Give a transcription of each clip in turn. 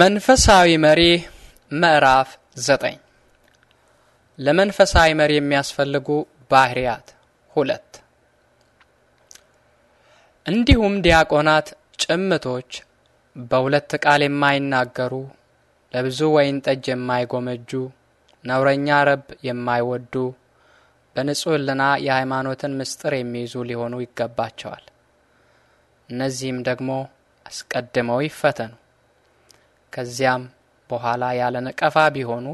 መንፈሳዊ መሪ ምዕራፍ ዘጠኝ ለመንፈሳዊ መሪ የሚያስፈልጉ ባህሪያት ሁለት እንዲሁም ዲያቆናት ጭምቶች፣ በሁለት ቃል የማይናገሩ፣ ለብዙ ወይን ጠጅ የማይጎመጁ፣ ነውረኛ ረብ የማይወዱ፣ በንጹሕ የሃይማኖትን ምስጢር የሚይዙ ሊሆኑ ይገባቸዋል። እነዚህም ደግሞ አስቀድመው ይፈተኑ ከዚያም በኋላ ያለ ነቀፋ ቢሆኑ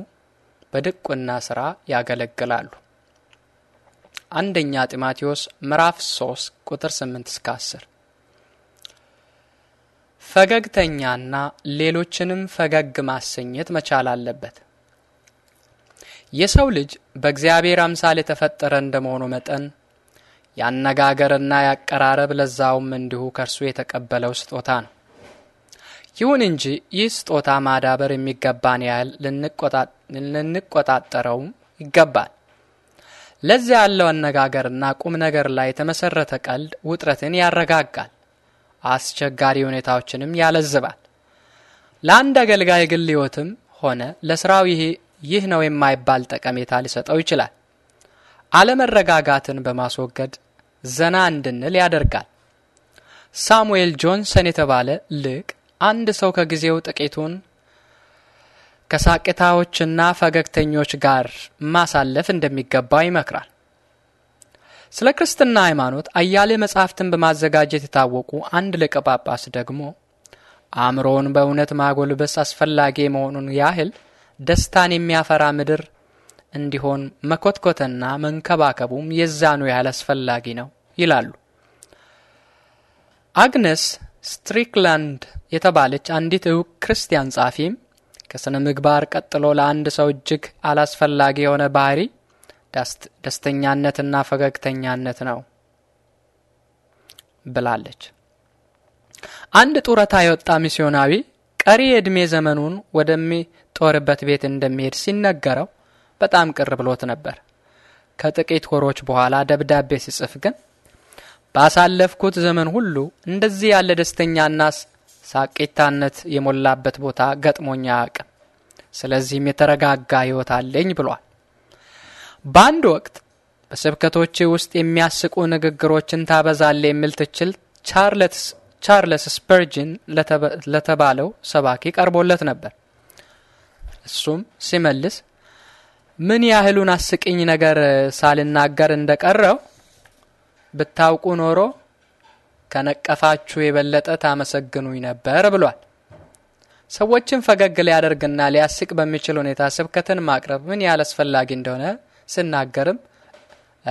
በድቁና ሥራ ያገለግላሉ። አንደኛ ጢማቴዎስ ምዕራፍ 3 ቁጥር 8 እስከ 10። ፈገግተኛና ሌሎችንም ፈገግ ማሰኘት መቻል አለበት። የሰው ልጅ በእግዚአብሔር አምሳል የተፈጠረ እንደመሆኑ መጠን ያነጋገርና ያቀራረብ ለዛውም እንዲሁ ከእርሱ የተቀበለው ስጦታ ነው። ይሁን እንጂ ይህ ስጦታ ማዳበር የሚገባን ያህል ልንቆጣጠረውም ይገባል። ለዚያ ያለው አነጋገርና ቁም ነገር ላይ የተመሰረተ ቀልድ ውጥረትን ያረጋጋል፣ አስቸጋሪ ሁኔታዎችንም ያለዝባል። ለአንድ አገልጋይ ግል ሕይወትም ሆነ ለስራው ይሄ ይህ ነው የማይባል ጠቀሜታ ሊሰጠው ይችላል። አለመረጋጋትን በማስወገድ ዘና እንድንል ያደርጋል። ሳሙኤል ጆንሰን የተባለ ልቅ አንድ ሰው ከጊዜው ጥቂቱን ከሳቅታዎችና ፈገግተኞች ጋር ማሳለፍ እንደሚገባው ይመክራል። ስለ ክርስትና ሃይማኖት አያሌ መጻሕፍትን በማዘጋጀት የታወቁ አንድ ሊቀ ጳጳስ ደግሞ አእምሮውን በእውነት ማጎልበስ አስፈላጊ መሆኑን ያህል ደስታን የሚያፈራ ምድር እንዲሆን መኮትኮትና መንከባከቡም የዛኑ ያህል አስፈላጊ ነው ይላሉ። አግነስ ስትሪክላንድ የተባለች አንዲት እውቅ ክርስቲያን ጻፊም ከሥነ ምግባር ቀጥሎ ለአንድ ሰው እጅግ አላስፈላጊ የሆነ ባህሪ ደስተኛነትና ፈገግተኛነት ነው ብላለች። አንድ ጡረታ የወጣ ሚስዮናዊ ቀሪ የዕድሜ ዘመኑን ወደሚጦርበት ቤት እንደሚሄድ ሲነገረው በጣም ቅር ብሎት ነበር። ከጥቂት ወሮች በኋላ ደብዳቤ ሲጽፍ ግን ባሳለፍኩት ዘመን ሁሉ እንደዚህ ያለ ደስተኛና ሳቄታነት የሞላበት ቦታ ገጥሞኛ አያውቅም። ስለዚህም የተረጋጋ ሕይወት አለኝ ብሏል። በአንድ ወቅት በስብከቶች ውስጥ የሚያስቁ ንግግሮችን ታበዛለ የሚል ትችል ቻርለስ ስፐርጅን ለተባለው ሰባኪ ቀርቦለት ነበር። እሱም ሲመልስ ምን ያህሉን አስቂኝ ነገር ሳልናገር እንደቀረው ብታውቁ ኖሮ ከነቀፋችሁ የበለጠ ታመሰግኑኝ ነበር ብሏል። ሰዎችን ፈገግ ሊያደርግና ሊያስቅ በሚችል ሁኔታ ስብከትን ማቅረብ ምን ያህል አስፈላጊ እንደሆነ ስናገርም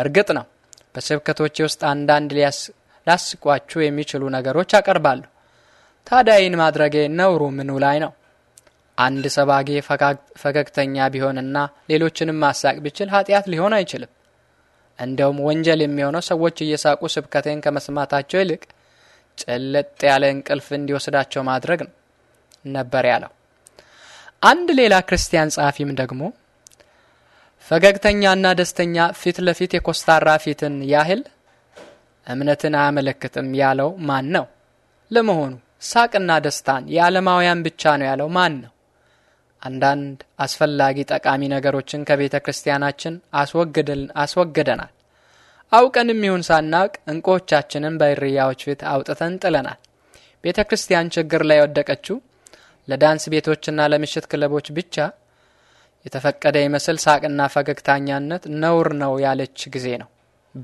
እርግጥ ነው። በስብከቶቼ ውስጥ አንዳንድ ሊያስቋችሁ የሚችሉ ነገሮች አቀርባሉ። ታዲያ ይህን ማድረጌ ነውሩ ምኑ ላይ ነው? አንድ ሰባጌ ፈገግተኛ ቢሆንና ሌሎችንም ማሳቅ ቢችል ኃጢአት ሊሆን አይችልም። እንደውም ወንጀል የሚሆነው ሰዎች እየሳቁ ስብከቴን ከመስማታቸው ይልቅ ጭልጥ ያለ እንቅልፍ እንዲወስዳቸው ማድረግ ነበር ያለው። አንድ ሌላ ክርስቲያን ጸሐፊም ደግሞ ፈገግተኛና ደስተኛ ፊት ለፊት የኮስታራ ፊትን ያህል እምነትን አያመለክትም ያለው ማን ነው? ለመሆኑ ሳቅና ደስታን የዓለማውያን ብቻ ነው ያለው ማን ነው? አንዳንድ አስፈላጊ ጠቃሚ ነገሮችን ከቤተ ክርስቲያናችን አስወግደናል። አውቀንም ይሁን ሳናውቅ እንቁዎቻችንን በእርያዎች ፊት አውጥተን ጥለናል። ቤተ ክርስቲያን ችግር ላይ የወደቀችው ለዳንስ ቤቶችና ለምሽት ክለቦች ብቻ የተፈቀደ ይመስል ሳቅና ፈገግታኛነት ነውር ነው ያለች ጊዜ ነው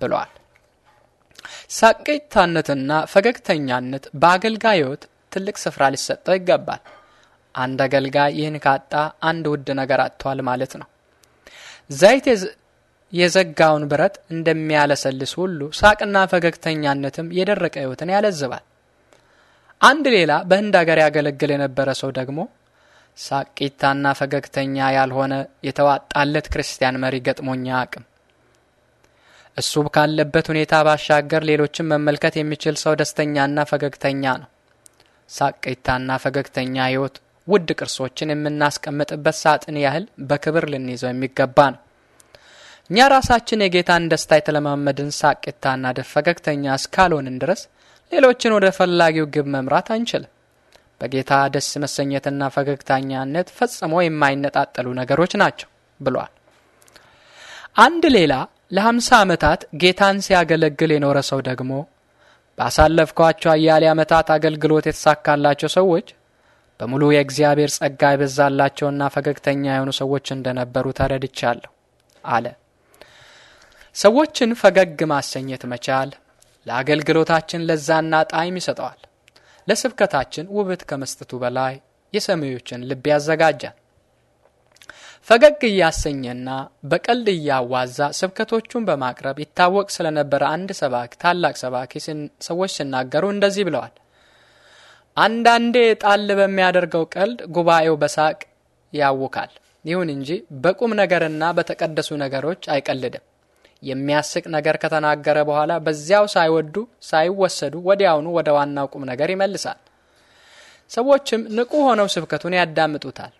ብሏል። ሳቅታነትና ፈገግተኛነት በአገልጋዮት ትልቅ ስፍራ ሊሰጠው ይገባል። አንድ አገልጋይ ይህን ካጣ አንድ ውድ ነገር አጥቷል ማለት ነው። ዘይት የዘጋውን ብረት እንደሚያለሰልስ ሁሉ ሳቅና ፈገግተኛነትም የደረቀ ሕይወትን ያለዝባል። አንድ ሌላ በህንድ አገር ያገለግል የነበረ ሰው ደግሞ ሳቂታና ፈገግተኛ ያልሆነ የተዋጣለት ክርስቲያን መሪ ገጥሞኛ አቅም እሱ ካለበት ሁኔታ ባሻገር ሌሎችን መመልከት የሚችል ሰው ደስተኛና ፈገግተኛ ነው። ሳቂታና ፈገግተኛ ሕይወት ውድ ቅርሶችን የምናስቀምጥበት ሳጥን ያህል በክብር ልንይዘው የሚገባ ነው። እኛ ራሳችን የጌታን ደስታ የተለማመድን ሳቂታና ፈገግተኛ እስካልሆንን ድረስ ሌሎችን ወደ ፈላጊው ግብ መምራት አንችልም። በጌታ ደስ መሰኘትና ፈገግታኛነት ፈጽሞ የማይነጣጠሉ ነገሮች ናቸው ብሏል። አንድ ሌላ ለሀምሳ ዓመታት ጌታን ሲያገለግል የኖረ ሰው ደግሞ ባሳለፍኳቸው አያሌ ዓመታት አገልግሎት የተሳካላቸው ሰዎች በሙሉ የእግዚአብሔር ጸጋ የበዛላቸውና ፈገግተኛ የሆኑ ሰዎች እንደነበሩ ተረድቻለሁ አለ። ሰዎችን ፈገግ ማሰኘት መቻል ለአገልግሎታችን ለዛና ጣዕም ይሰጠዋል። ለስብከታችን ውበት ከመስጠቱ በላይ የሰሚዎችን ልብ ያዘጋጃል። ፈገግ እያሰኘና በቀልድ እያዋዛ ስብከቶቹን በማቅረብ ይታወቅ ስለነበረ አንድ ሰባኪ ታላቅ ሰባኪ ሰዎች ሲናገሩ እንደዚህ ብለዋል። አንዳንዴ ጣል በሚያደርገው ቀልድ ጉባኤው በሳቅ ያውካል። ይሁን እንጂ በቁም ነገርና በተቀደሱ ነገሮች አይቀልድም። የሚያስቅ ነገር ከተናገረ በኋላ በዚያው ሳይወዱ ሳይወሰዱ ወዲያውኑ ወደ ዋናው ቁም ነገር ይመልሳል። ሰዎችም ንቁ ሆነው ስብከቱን ያዳምጡታል።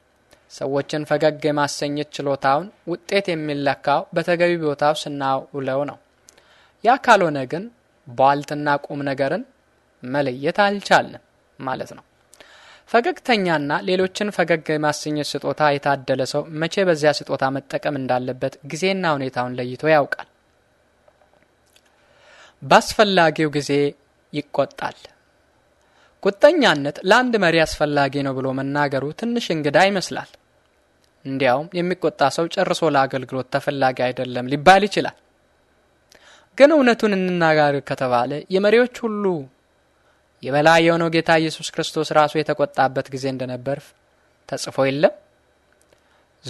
ሰዎችን ፈገግ የማሰኘት ችሎታውን ውጤት የሚለካው በተገቢ ቦታው ስናውለው ነው። ያ ካልሆነ ግን ቧልትና ቁም ነገርን መለየት አልቻለም። ማለት ነው። ፈገግተኛና ሌሎችን ፈገግ የማሰኘት ስጦታ የታደለ ሰው መቼ በዚያ ስጦታ መጠቀም እንዳለበት ጊዜና ሁኔታውን ለይቶ ያውቃል። በአስፈላጊው ጊዜ ይቆጣል። ቁጠኛነት ለአንድ መሪ አስፈላጊ ነው ብሎ መናገሩ ትንሽ እንግዳ ይመስላል። እንዲያውም የሚቆጣ ሰው ጨርሶ ለአገልግሎት ተፈላጊ አይደለም ሊባል ይችላል። ግን እውነቱን እንናገር ከተባለ የመሪዎች ሁሉ የበላይ የሆነው ጌታ ኢየሱስ ክርስቶስ ራሱ የተቆጣበት ጊዜ እንደነበር ተጽፎ የለም?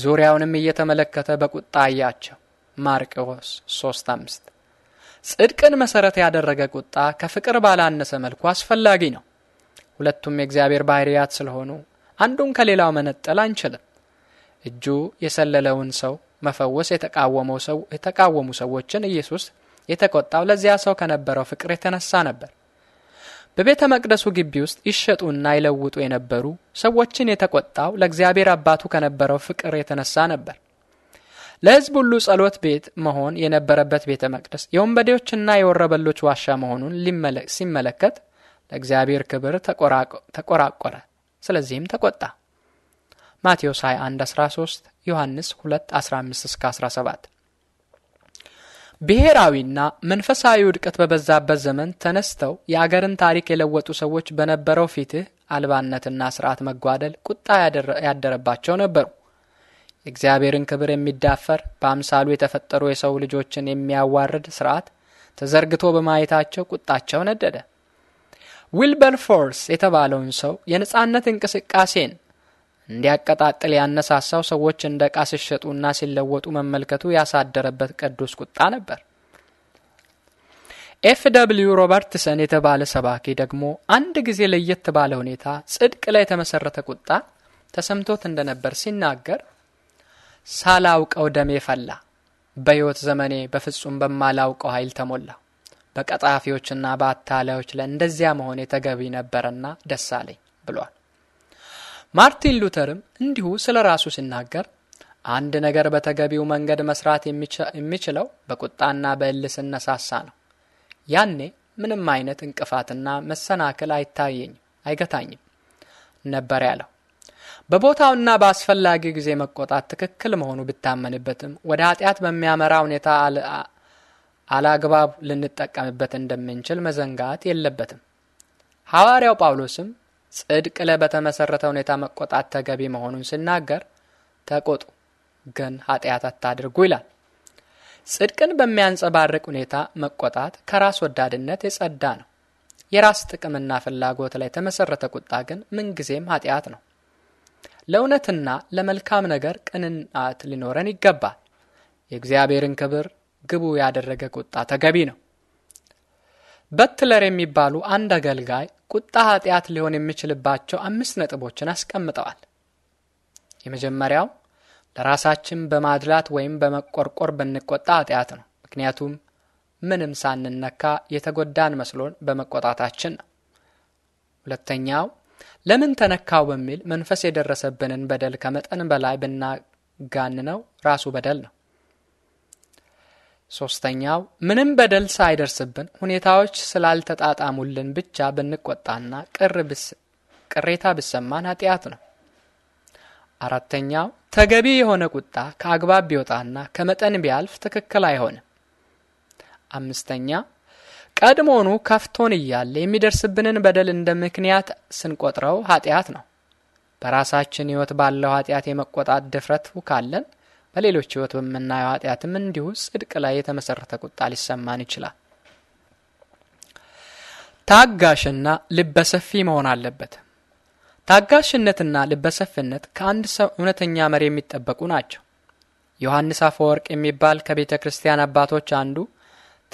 ዙሪያውንም እየተመለከተ በቁጣ አያቸው። ማርቆስ 3 5 ጽድቅን መሰረት ያደረገ ቁጣ ከፍቅር ባላነሰ መልኩ አስፈላጊ ነው። ሁለቱም የእግዚአብሔር ባህርያት ስለሆኑ አንዱን ከሌላው መነጠል አንችልም። እጁ የሰለለውን ሰው መፈወስ የተቃወሙ ሰዎችን ኢየሱስ የተቆጣው ለዚያ ሰው ከነበረው ፍቅር የተነሳ ነበር። በቤተ መቅደሱ ግቢ ውስጥ ይሸጡና ይለውጡ የነበሩ ሰዎችን የተቆጣው ለእግዚአብሔር አባቱ ከነበረው ፍቅር የተነሳ ነበር። ለሕዝብ ሁሉ ጸሎት ቤት መሆን የነበረበት ቤተ መቅደስ የወንበዴዎችና የወረበሎች ዋሻ መሆኑን ሲመለከት ለእግዚአብሔር ክብር ተቆራቆረ፣ ስለዚህም ተቆጣ። ማቴዎስ 21 13 ዮሐንስ 2 15 እስከ 17 ብሔራዊና መንፈሳዊ ውድቀት በበዛበት ዘመን ተነስተው የአገርን ታሪክ የለወጡ ሰዎች በነበረው ፊትህ አልባነትና ስርዓት መጓደል ቁጣ ያደረባቸው ነበሩ። የእግዚአብሔርን ክብር የሚዳፈር በአምሳሉ የተፈጠሩ የሰው ልጆችን የሚያዋርድ ስርዓት ተዘርግቶ በማየታቸው ቁጣቸው ነደደ። ዊልበር ፎርስ የተባለውን ሰው የነጻነት እንቅስቃሴን እንዲያቀጣጥል ያነሳሳው ሰዎች እንደ ዕቃ ሲሸጡና ሲለወጡ መመልከቱ ያሳደረበት ቅዱስ ቁጣ ነበር። ኤፍ ደብሊዩ ሮበርትሰን የተባለ ሰባኪ ደግሞ አንድ ጊዜ ለየት ባለ ሁኔታ ጽድቅ ላይ የተመሰረተ ቁጣ ተሰምቶት እንደነበር ሲናገር ሳላውቀው ደሜ ፈላ፣ በሕይወት ዘመኔ በፍጹም በማላውቀው ኃይል ተሞላ። በቀጣፊዎችና በአታላዮች ላይ እንደዚያ መሆን የተገቢ ነበረና ደስ አለኝ ብሏል። ማርቲን ሉተርም እንዲሁ ስለ ራሱ ሲናገር አንድ ነገር በተገቢው መንገድ መስራት የሚችለው በቁጣና በእልህ ስነሳሳ ነው። ያኔ ምንም አይነት እንቅፋትና መሰናክል አይታየኝም፣ አይገታኝም ነበር ያለው። በቦታውና በአስፈላጊ ጊዜ መቆጣት ትክክል መሆኑ ብታመንበትም ወደ ኃጢአት በሚያመራ ሁኔታ አላግባብ ልንጠቀምበት እንደምንችል መዘንጋት የለበትም። ሐዋርያው ጳውሎስም ጽድቅ ላይ በተመሰረተ ሁኔታ መቆጣት ተገቢ መሆኑን ሲናገር ተቆጡ፣ ግን ኃጢአት አታድርጉ ይላል። ጽድቅን በሚያንጸባርቅ ሁኔታ መቆጣት ከራስ ወዳድነት የጸዳ ነው። የራስ ጥቅምና ፍላጎት ላይ የተመሰረተ ቁጣ ግን ምንጊዜም ኃጢአት ነው። ለእውነትና ለመልካም ነገር ቅንናት ሊኖረን ይገባል። የእግዚአብሔርን ክብር ግቡ ያደረገ ቁጣ ተገቢ ነው። በትለር የሚባሉ አንድ አገልጋይ ቁጣ ኃጢአት ሊሆን የሚችልባቸው አምስት ነጥቦችን አስቀምጠዋል። የመጀመሪያው ለራሳችን በማድላት ወይም በመቆርቆር ብንቆጣ ኃጢአት ነው። ምክንያቱም ምንም ሳንነካ የተጎዳን መስሎን በመቆጣታችን ነው። ሁለተኛው ለምን ተነካው በሚል መንፈስ የደረሰብንን በደል ከመጠን በላይ ብናጋንነው ራሱ በደል ነው። ሶስተኛው ምንም በደል ሳይደርስብን ሁኔታዎች ስላልተጣጣሙልን ብቻ ብንቆጣና ቅሬታ ብሰማን ኃጢአት ነው። አራተኛው ተገቢ የሆነ ቁጣ ከአግባብ ቢወጣና ከመጠን ቢያልፍ ትክክል አይሆንም። አምስተኛ ቀድሞኑ ከፍቶን እያለ የሚደርስብንን በደል እንደ ምክንያት ስንቆጥረው ኃጢአት ነው። በራሳችን ሕይወት ባለው ኃጢአት የመቆጣት ድፍረቱ ካለን በሌሎች ሕይወት በምናየው ኃጢአትም እንዲሁ ጽድቅ ላይ የተመሠረተ ቁጣ ሊሰማን ይችላል። ታጋሽና ልበሰፊ መሆን አለበት። ታጋሽነትና ልበሰፊነት ከአንድ ሰው እውነተኛ መሪ የሚጠበቁ ናቸው። ዮሐንስ አፈወርቅ የሚባል ከቤተ ክርስቲያን አባቶች አንዱ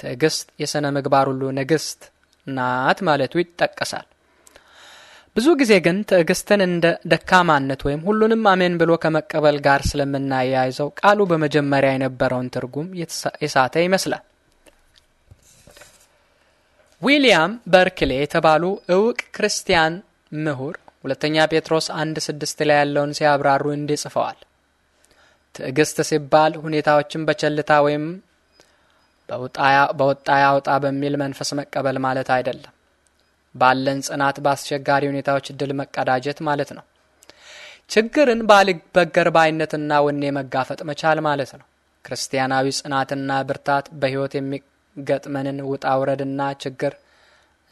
ትዕግስት የሥነ ምግባር ሁሉ ንግሥት ናት ማለቱ ይጠቀሳል። ብዙ ጊዜ ግን ትዕግስትን እንደ ደካማነት ወይም ሁሉንም አሜን ብሎ ከመቀበል ጋር ስለምናያይዘው ቃሉ በመጀመሪያ የነበረውን ትርጉም የሳተ ይመስላል። ዊሊያም በርክሌ የተባሉ እውቅ ክርስቲያን ምሁር ሁለተኛ ጴጥሮስ አንድ ስድስት ላይ ያለውን ሲያብራሩ እንዲህ ጽፈዋል። ትዕግስት ሲባል ሁኔታዎችን በቸልታ ወይም በወጣ ያውጣ በሚል መንፈስ መቀበል ማለት አይደለም። ባለን ጽናት በአስቸጋሪ ሁኔታዎች ድል መቀዳጀት ማለት ነው። ችግርን ባልበገር ባይነትና ወኔ መጋፈጥ መቻል ማለት ነው። ክርስቲያናዊ ጽናትና ብርታት በሕይወት የሚገጥመንን ውጣ ውረድና ችግር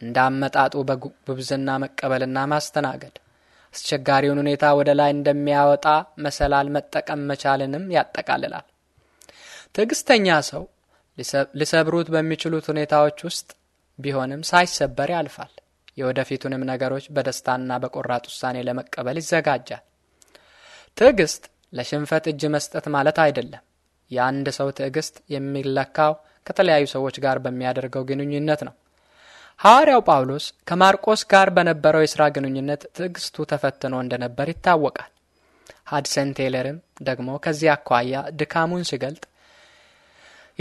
እንዳመጣጡ በጉብዝና መቀበልና ማስተናገድ፣ አስቸጋሪውን ሁኔታ ወደ ላይ እንደሚያወጣ መሰላል መጠቀም መቻልንም ያጠቃልላል። ትዕግስተኛ ሰው ሊሰብሩት በሚችሉት ሁኔታዎች ውስጥ ቢሆንም ሳይሰበር ያልፋል። የወደፊቱንም ነገሮች በደስታና በቆራጥ ውሳኔ ለመቀበል ይዘጋጃል። ትዕግስት ለሽንፈት እጅ መስጠት ማለት አይደለም። የአንድ ሰው ትዕግስት የሚለካው ከተለያዩ ሰዎች ጋር በሚያደርገው ግንኙነት ነው። ሐዋርያው ጳውሎስ ከማርቆስ ጋር በነበረው የሥራ ግንኙነት ትዕግስቱ ተፈትኖ እንደነበር ይታወቃል። ሀድሰን ቴይለርም ደግሞ ከዚህ አኳያ ድካሙን ሲገልጥ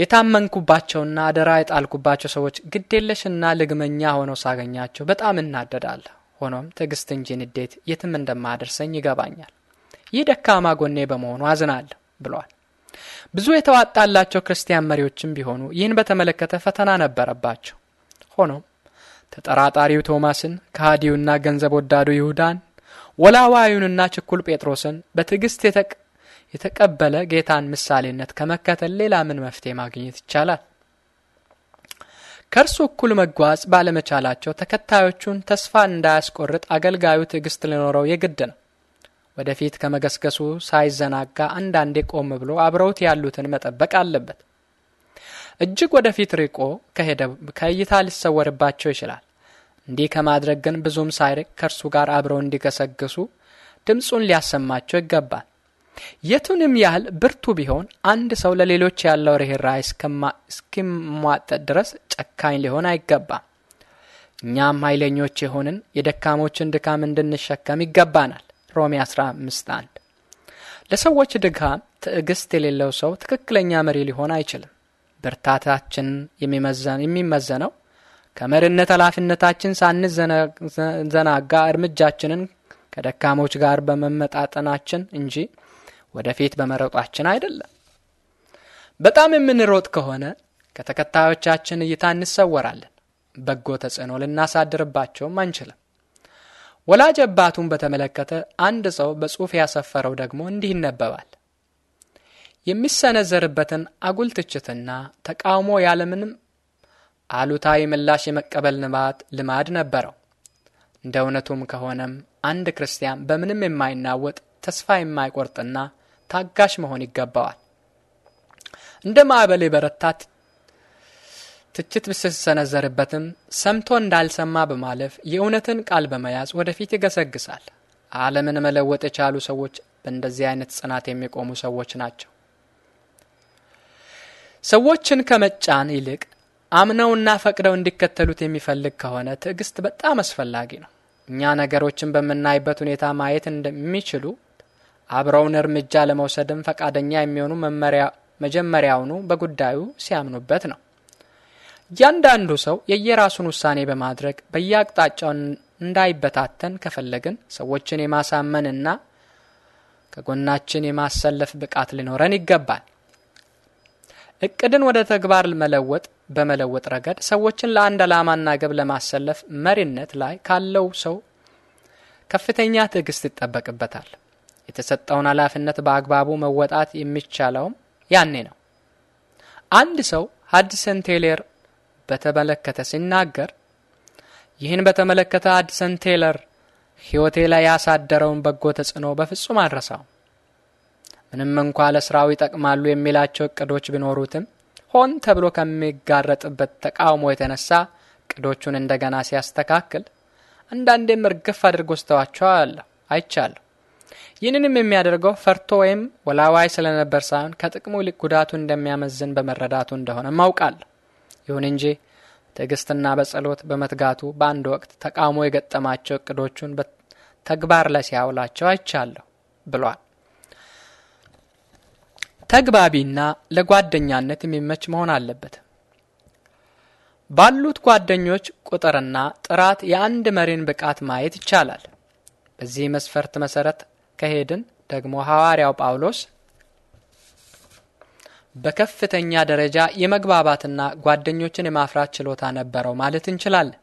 የታመንኩባቸውና አደራ የጣልኩባቸው ሰዎች ግዴለሽና ልግመኛ ሆነው ሳገኛቸው በጣም እናደዳለሁ። ሆኖም ትዕግስት እንጂ ንዴት የትም እንደማያደርሰኝ ይገባኛል። ይህ ደካማ ጎኔ በመሆኑ አዝናለሁ ብሏል። ብዙ የተዋጣላቸው ክርስቲያን መሪዎችም ቢሆኑ ይህን በተመለከተ ፈተና ነበረባቸው። ሆኖም ተጠራጣሪው ቶማስን፣ ከሃዲውና ገንዘብ ወዳዱ ይሁዳን፣ ወላዋዩንና ችኩል ጴጥሮስን በትዕግስት የተቀበለ ጌታን ምሳሌነት ከመከተል ሌላ ምን መፍትሄ ማግኘት ይቻላል? ከእርሱ እኩል መጓዝ ባለመቻላቸው ተከታዮቹን ተስፋ እንዳያስቆርጥ አገልጋዩ ትዕግስት ሊኖረው የግድ ነው። ወደፊት ከመገስገሱ ሳይዘናጋ አንዳንዴ ቆም ብሎ አብረውት ያሉትን መጠበቅ አለበት። እጅግ ወደፊት ርቆ ከሄደ ከእይታ ሊሰወርባቸው ይችላል። እንዲህ ከማድረግ ግን ብዙም ሳይርቅ ከእርሱ ጋር አብረው እንዲገሰግሱ ድምፁን ሊያሰማቸው ይገባል። የቱንም ያህል ብርቱ ቢሆን አንድ ሰው ለሌሎች ያለው ርኅራኄ እስኪሟጠጥ ድረስ ጨካኝ ሊሆን አይገባም። እኛም ኃይለኞች የሆንን የደካሞችን ድካም እንድንሸከም ይገባናል። ሮሜ 15 1 ለሰዎች ድካም ትዕግስት የሌለው ሰው ትክክለኛ መሪ ሊሆን አይችልም። ብርታታችን የሚመዘነው ከመሪነት ኃላፊነታችን ሳንዘናጋ እርምጃችንን ከደካሞች ጋር በመመጣጠናችን እንጂ ወደፊት በመሮጣችን አይደለም። በጣም የምንሮጥ ከሆነ ከተከታዮቻችን እይታ እንሰወራለን። በጎ ተጽዕኖ ልናሳድርባቸውም አንችልም። ወላጅ አባቱን በተመለከተ አንድ ሰው በጽሑፍ ያሰፈረው ደግሞ እንዲህ ይነበባል። የሚሰነዘርበትን አጉል ትችትና ተቃውሞ ያለምንም አሉታዊ ምላሽ የመቀበል ንባት ልማድ ነበረው። እንደ እውነቱም ከሆነም አንድ ክርስቲያን በምንም የማይናወጥ ተስፋ የማይቆርጥና ታጋሽ መሆን ይገባዋል። እንደ ማዕበል የበረታት ትችት ሲሰነዘርበትም ሰምቶ እንዳልሰማ በማለፍ የእውነትን ቃል በመያዝ ወደፊት ይገሰግሳል። ዓለምን መለወጥ የቻሉ ሰዎች በእንደዚህ አይነት ጽናት የሚቆሙ ሰዎች ናቸው። ሰዎችን ከመጫን ይልቅ አምነውና ፈቅደው እንዲከተሉት የሚፈልግ ከሆነ ትዕግስት በጣም አስፈላጊ ነው። እኛ ነገሮችን በምናይበት ሁኔታ ማየት እንደሚችሉ አብረውን እርምጃ ለመውሰድም ፈቃደኛ የሚሆኑ መጀመሪያውኑ በጉዳዩ ሲያምኑበት ነው። እያንዳንዱ ሰው የየራሱን ውሳኔ በማድረግ በየአቅጣጫው እንዳይበታተን ከፈለግን ሰዎችን የማሳመንና ከጎናችን የማሰለፍ ብቃት ሊኖረን ይገባል። እቅድን ወደ ተግባር መለወጥ በመለወጥ ረገድ ሰዎችን ለአንድ ዓላማና ግብ ለማሰለፍ መሪነት ላይ ካለው ሰው ከፍተኛ ትዕግስት ይጠበቅበታል። የተሰጠውን ኃላፊነት በአግባቡ መወጣት የሚቻለውም ያኔ ነው። አንድ ሰው ሃድሰን ቴለር በተመለከተ ሲናገር ይህን በተመለከተ ሃድሰን ቴለር ሕይወቴ ላይ ያሳደረውን በጎ ተጽዕኖ በፍጹም አልረሳውም። ምንም እንኳ ለስራው ይጠቅማሉ የሚላቸው እቅዶች ቢኖሩትም ሆን ተብሎ ከሚጋረጥበት ተቃውሞ የተነሳ እቅዶቹን እንደገና ሲያስተካክል አንዳንዴም እርግፍ አድርጎ ስተዋቸው አይቻለሁ። ይህንንም የሚያደርገው ፈርቶ ወይም ወላዋይ ስለነበር ሳይሆን ከጥቅሙ ይልቅ ጉዳቱ እንደሚያመዝን በመረዳቱ እንደሆነ ማውቃል። ይሁን እንጂ ትዕግስትና በጸሎት በመትጋቱ በአንድ ወቅት ተቃውሞ የገጠማቸው እቅዶቹን ተግባር ላይ ሲያውላቸው አይቻለሁ ብሏል። ተግባቢና ለጓደኛነት የሚመች መሆን አለበት። ባሉት ጓደኞች ቁጥርና ጥራት የአንድ መሪን ብቃት ማየት ይቻላል። በዚህ መስፈርት መሰረት ከሄድን ደግሞ ሐዋርያው ጳውሎስ በከፍተኛ ደረጃ የመግባባትና ጓደኞችን የማፍራት ችሎታ ነበረው ማለት እንችላለን።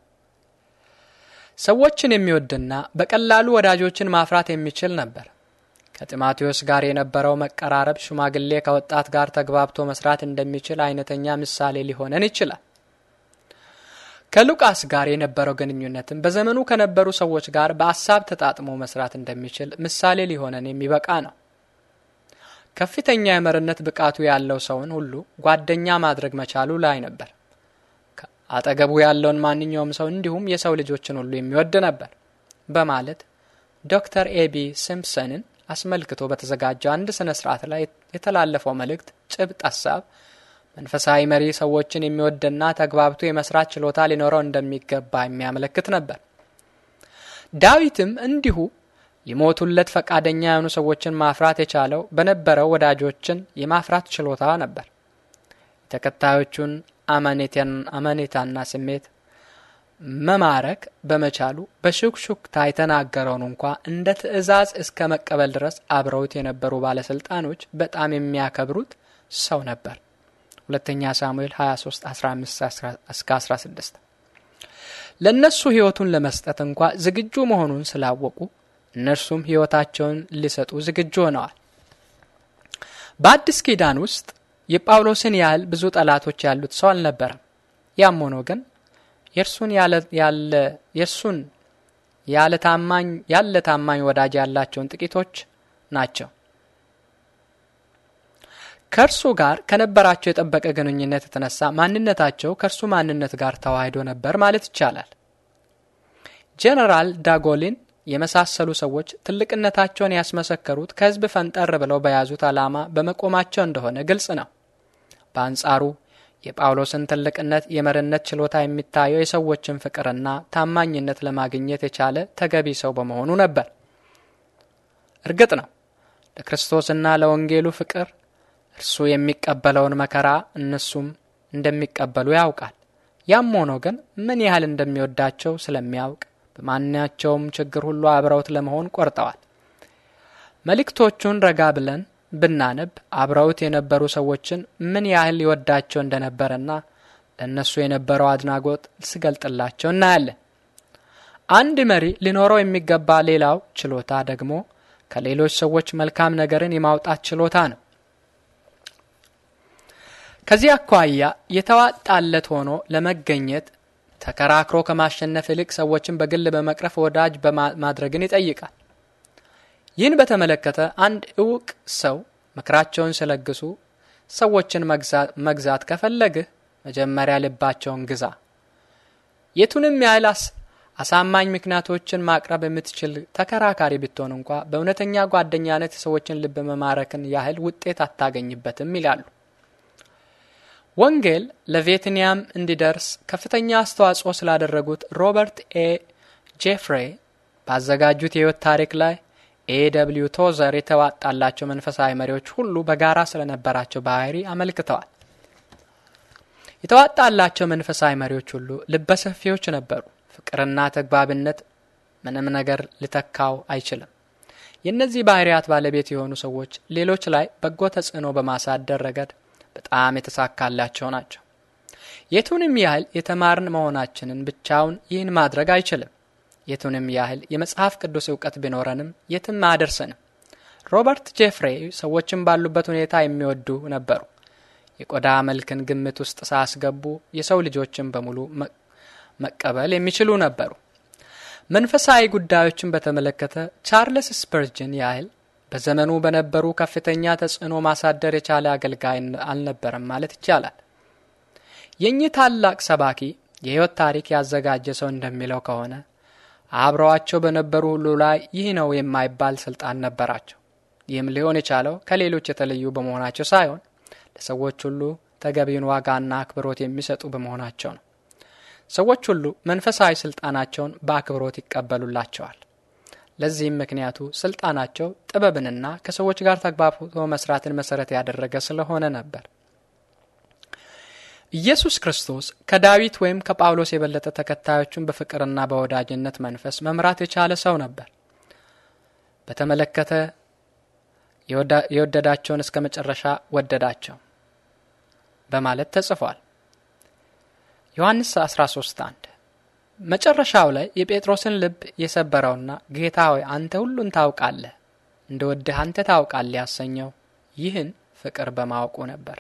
ሰዎችን የሚወድና በቀላሉ ወዳጆችን ማፍራት የሚችል ነበር። ከጢማቴዎስ ጋር የነበረው መቀራረብ ሽማግሌ ከወጣት ጋር ተግባብቶ መስራት እንደሚችል አይነተኛ ምሳሌ ሊሆነን ይችላል። ከሉቃስ ጋር የነበረው ግንኙነትም በዘመኑ ከነበሩ ሰዎች ጋር በአሳብ ተጣጥሞ መስራት እንደሚችል ምሳሌ ሊሆነን የሚበቃ ነው። ከፍተኛ የመርነት ብቃቱ ያለው ሰውን ሁሉ ጓደኛ ማድረግ መቻሉ ላይ ነበር። አጠገቡ ያለውን ማንኛውም ሰው እንዲሁም የሰው ልጆችን ሁሉ የሚወድ ነበር በማለት ዶክተር ኤቢ ሲምፕሰንን አስመልክቶ በተዘጋጀ አንድ ስነ ስርዓት ላይ የተላለፈው መልእክት ጭብጥ ሀሳብ መንፈሳዊ መሪ ሰዎችን የሚወድና ተግባብቶ የመስራት ችሎታ ሊኖረው እንደሚገባ የሚያመለክት ነበር። ዳዊትም እንዲሁ ሊሞቱለት ፈቃደኛ የሆኑ ሰዎችን ማፍራት የቻለው በነበረው ወዳጆችን የማፍራት ችሎታ ነበር። የተከታዮቹን አመኔታና ስሜት መማረክ በመቻሉ በሹክሹክታ የተናገረውን እንኳ እንደ ትዕዛዝ እስከ መቀበል ድረስ አብረውት የነበሩ ባለስልጣኖች በጣም የሚያከብሩት ሰው ነበር። ሁለተኛ ሳሙኤል 23 15 16 ለእነሱ ሕይወቱን ለመስጠት እንኳ ዝግጁ መሆኑን ስላወቁ እነርሱም ሕይወታቸውን ሊሰጡ ዝግጁ ሆነዋል። በአዲስ ኪዳን ውስጥ የጳውሎስን ያህል ብዙ ጠላቶች ያሉት ሰው አልነበረም። ያም ሆኖ ግን የእርሱን ያለ ታማኝ ወዳጅ ያላቸውን ጥቂቶች ናቸው። ከእርሱ ጋር ከነበራቸው የጠበቀ ግንኙነት የተነሳ ማንነታቸው ከእርሱ ማንነት ጋር ተዋህዶ ነበር ማለት ይቻላል። ጄኔራል ዳጎሊን የመሳሰሉ ሰዎች ትልቅነታቸውን ያስመሰከሩት ከህዝብ ፈንጠር ብለው በያዙት ዓላማ በመቆማቸው እንደሆነ ግልጽ ነው። በአንጻሩ የጳውሎስን ትልቅነት የመሪነት ችሎታ የሚታየው የሰዎችን ፍቅርና ታማኝነት ለማግኘት የቻለ ተገቢ ሰው በመሆኑ ነበር። እርግጥ ነው ለክርስቶስና ለወንጌሉ ፍቅር እርሱ የሚቀበለውን መከራ እነሱም እንደሚቀበሉ ያውቃል። ያም ሆኖ ግን ምን ያህል እንደሚወዳቸው ስለሚያውቅ በማናቸውም ችግር ሁሉ አብረውት ለመሆን ቆርጠዋል። መልእክቶቹን ረጋ ብለን ብናነብ አብረውት የነበሩ ሰዎችን ምን ያህል ይወዳቸው እንደነበረና ለእነሱ የነበረው አድናጎት ስገልጥላቸው እናያለን። አንድ መሪ ሊኖረው የሚገባ ሌላው ችሎታ ደግሞ ከሌሎች ሰዎች መልካም ነገርን የማውጣት ችሎታ ነው። ከዚህ አኳያ የተዋጣለት ሆኖ ለመገኘት ተከራክሮ ከማሸነፍ ይልቅ ሰዎችን በግል በመቅረፍ ወዳጅ ማድረግን ይጠይቃል። ይህን በተመለከተ አንድ እውቅ ሰው ምክራቸውን ሲለግሱ ሰዎችን መግዛት ከፈለግህ መጀመሪያ ልባቸውን ግዛ። የቱንም ያህል አሳማኝ ምክንያቶችን ማቅረብ የምትችል ተከራካሪ ብትሆን እንኳ በእውነተኛ ጓደኛነት ሰዎችን ልብ መማረክን ያህል ውጤት አታገኝበትም ይላሉ። ወንጌል ለቪየትናም እንዲደርስ ከፍተኛ አስተዋጽኦ ስላደረጉት ሮበርት ኤ ጄፍሬ ባዘጋጁት የወት ታሪክ ላይ ኤ ደብልዩ ቶዘር የተዋጣላቸው መንፈሳዊ መሪዎች ሁሉ በጋራ ስለነበራቸው ባህሪ አመልክተዋል። የተዋጣላቸው መንፈሳዊ መሪዎች ሁሉ ልበሰፊዎች ነበሩ። ፍቅርና ተግባብነት ምንም ነገር ሊተካው አይችልም። የእነዚህ ባህሪያት ባለቤት የሆኑ ሰዎች ሌሎች ላይ በጎ ተጽዕኖ በማሳደር ረገድ በጣም የተሳካላቸው ናቸው። የቱንም ያህል የተማርን መሆናችንን ብቻውን ይህን ማድረግ አይችልም። የቱንም ያህል የመጽሐፍ ቅዱስ እውቀት ቢኖረንም የትም አያደርሰንም። ሮበርት ጄፍሬ ሰዎችን ባሉበት ሁኔታ የሚወዱ ነበሩ። የቆዳ መልክን ግምት ውስጥ ሳያስገቡ የሰው ልጆችን በሙሉ መቀበል የሚችሉ ነበሩ። መንፈሳዊ ጉዳዮችን በተመለከተ ቻርልስ ስፐርጅን ያህል በዘመኑ በነበሩ ከፍተኛ ተጽዕኖ ማሳደር የቻለ አገልጋይ አልነበረም ማለት ይቻላል። የእኚህ ታላቅ ሰባኪ የሕይወት ታሪክ ያዘጋጀ ሰው እንደሚለው ከሆነ አብረዋቸው በነበሩ ሁሉ ላይ ይህ ነው የማይባል ስልጣን ነበራቸው። ይህም ሊሆን የቻለው ከሌሎች የተለዩ በመሆናቸው ሳይሆን ለሰዎች ሁሉ ተገቢውን ዋጋና አክብሮት የሚሰጡ በመሆናቸው ነው። ሰዎች ሁሉ መንፈሳዊ ስልጣናቸውን በአክብሮት ይቀበሉላቸዋል። ለዚህም ምክንያቱ ስልጣናቸው ጥበብንና ከሰዎች ጋር ተግባብቶ መስራትን መሰረት ያደረገ ስለሆነ ነበር። ኢየሱስ ክርስቶስ ከዳዊት ወይም ከጳውሎስ የበለጠ ተከታዮቹን በፍቅርና በወዳጅነት መንፈስ መምራት የቻለ ሰው ነበር። በተመለከተ የወደዳቸውን እስከ መጨረሻ ወደዳቸው በማለት ተጽፏል። ዮሐንስ 13 1 መጨረሻው ላይ የጴጥሮስን ልብ የሰበረውና ጌታ ሆይ አንተ ሁሉን ታውቃለህ፣ እንደ ወድህ አንተ ታውቃለህ ያሰኘው ይህን ፍቅር በማወቁ ነበር።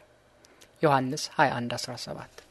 ዮሐንስ 21 17